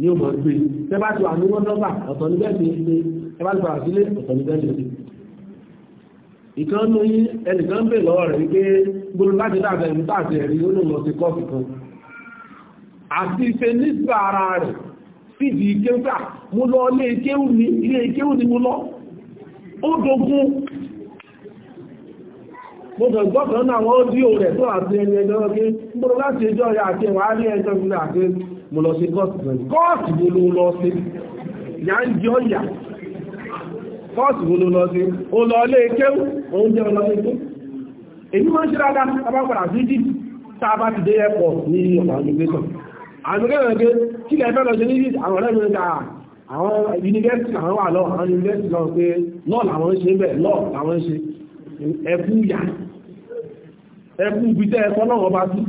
ni o mọ̀ gbé tẹ́bá ti wà ní wọ́n nọ́mbà ìkan ló yí ẹnìkan bè lọ́wọ́ rẹ̀ wípé gbogbo láti dáadẹ̀ ìlú tààtì ẹ̀rí ó lòun lọ sí kọ́ọ̀sì kan àti ìfẹ́ nígbà ara rẹ̀ síbi kéwúkà mú lọ ilé kéwú ní ilé kéwú ní mú lọ ó dogun mo tọ̀ gbọ́kàn náà wọ́n dí o rẹ̀ tó àti ẹni ẹjọ́ pé gbogbo láti ẹjọ́ rẹ̀ àti ẹ̀wà rí ẹjọ́ fún àti mo lọ sí kọ́ọ̀sì kan lọ sí ìyá ń jọ ìyà kọ́ọ̀sì wo ló lọ sí o lọ lé kéwù oúnjẹ lọ lé kéwù èyí máa ń ṣe dáadáa tàbá padà sí jì tá a bá ti dé ẹ̀pọ̀ ní ọ̀gbẹ̀gbẹ̀sọ̀ àgbẹ̀gbẹ̀gbẹ̀ kí lẹ fẹ́ lọ ṣe ní àwọn ọ̀rẹ́ mi ń ta àwọn yunifásitì àwọn wà lọ àwọn yunifásitì lọ pé lọ́ọ̀ làwọn ń ṣe bẹ́ẹ̀ lọ́ọ̀ làwọn ń ṣe ẹkú yà ẹkú ibi tẹ́ ẹ̀kọ́ náà wọ́n bá sí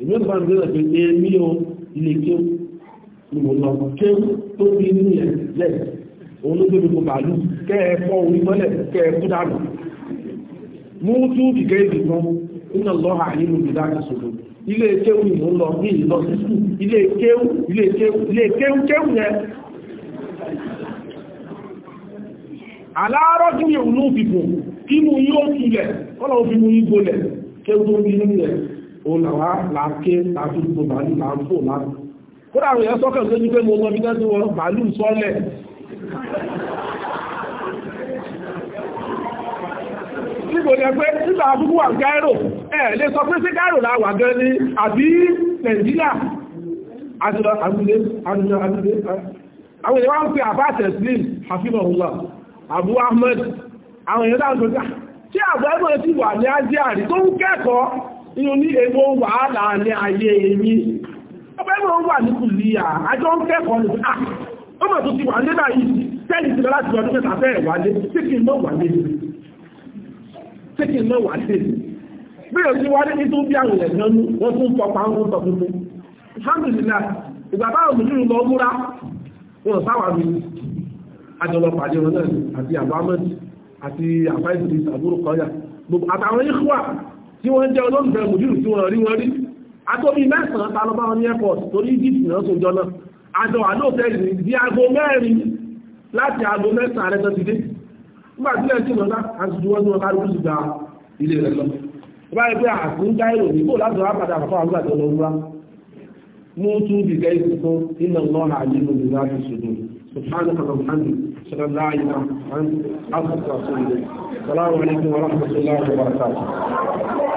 ìlú ìgbà ń gbèrò pé èmi o ilé kéwù ni mo lọ kéwù tó bí nínú yẹn lẹ́yìn olóògbèdògbò màálù kẹ́ẹ̀kọ́ orí mọ́lẹ̀ kẹ́ẹ̀kú dànù mú tú ìgẹ́ ìdìgbọ́n iná lọ àyínú ìdájọ́ sọ̀rọ̀ ilé kéwù ni lọ ní ìlọ sísù ilé kéwù ilé kéwù ilé kéwù kéwù yẹn aláàárọ̀ tí mi ò ní òfìfò kí mú yóò tulẹ̀ kọ́lọ̀ òfin mú yí gbolẹ̀ kéwù tó ń bí nígbò ní ẹgbẹ́ nígbà àbúkú wà gáírò ẹ̀ lè sọ pé sí gáírò láwà gan ní àbí nàìjíríà àjọ̀dọ̀ àmúlé àjọ̀dọ̀ àmúlé àwọn èèyàn wá ń pè àbá tẹ̀sílìm àfihàn ọ̀húnlá àbú ahmed àwọn èèyàn dáa gbogbo tí àbẹ́mọ̀ ti wà ní ájíà rí tó ń kẹ́kọ̀ọ́ inú ní èwo wàhálà ní ayé èyí ọbẹ́mọ̀ wà ní kùlìyà àjọ ń kẹ́kọ̀ọ́ ó mọ̀ tó ti wà lé báyìí tẹ́lì ti lọ láti ọdún mẹ́ta fẹ́ wà lé tí kì í mọ́ wà lé tí kì í mọ́ wà lé bí o ti wá lé nítorí bí àwọn ẹ̀gbẹ́ nú wọ́n tún fọ pa ń tọ́ tuntun alhamdulillah ìgbà táwọn òmìnir lọ múra wọn sáwà mi àjọlọpàdé wọn náà àti àbámẹ́tì àti àbáìsì àbúrò kọjá àtàwọn ìkúwà tí wọ́n jẹ́ olóògbé mùdírù tí wọ́n rí wọ́n rí àtòbí mẹ́sàn-án ta lọ bá wọn ní airport torí egypt náà tó jọ náà àjọ àlóòtẹ́lì di aago mẹ́rin láti aago mẹ́sàn àrẹ tó ti dé nígbà tí lẹ́sìn lọ́lá àti ju wọ́n ní wọn kárùkù gba ilé rẹ̀ lọ bá ẹgbẹ́ àkún gáìrò ní kó láti wá padà fún àwọn àjọ lọ́wọ́ mú tún bí gẹ́ ìsìnkú iná lọ́nà àlébò ní láti ṣùgbọ́n سبحانك اللهم وبحمدك اشهد ان لا اله الا انت استغفرك واتوب اليك السلام عليكم ورحمه الله وبركاته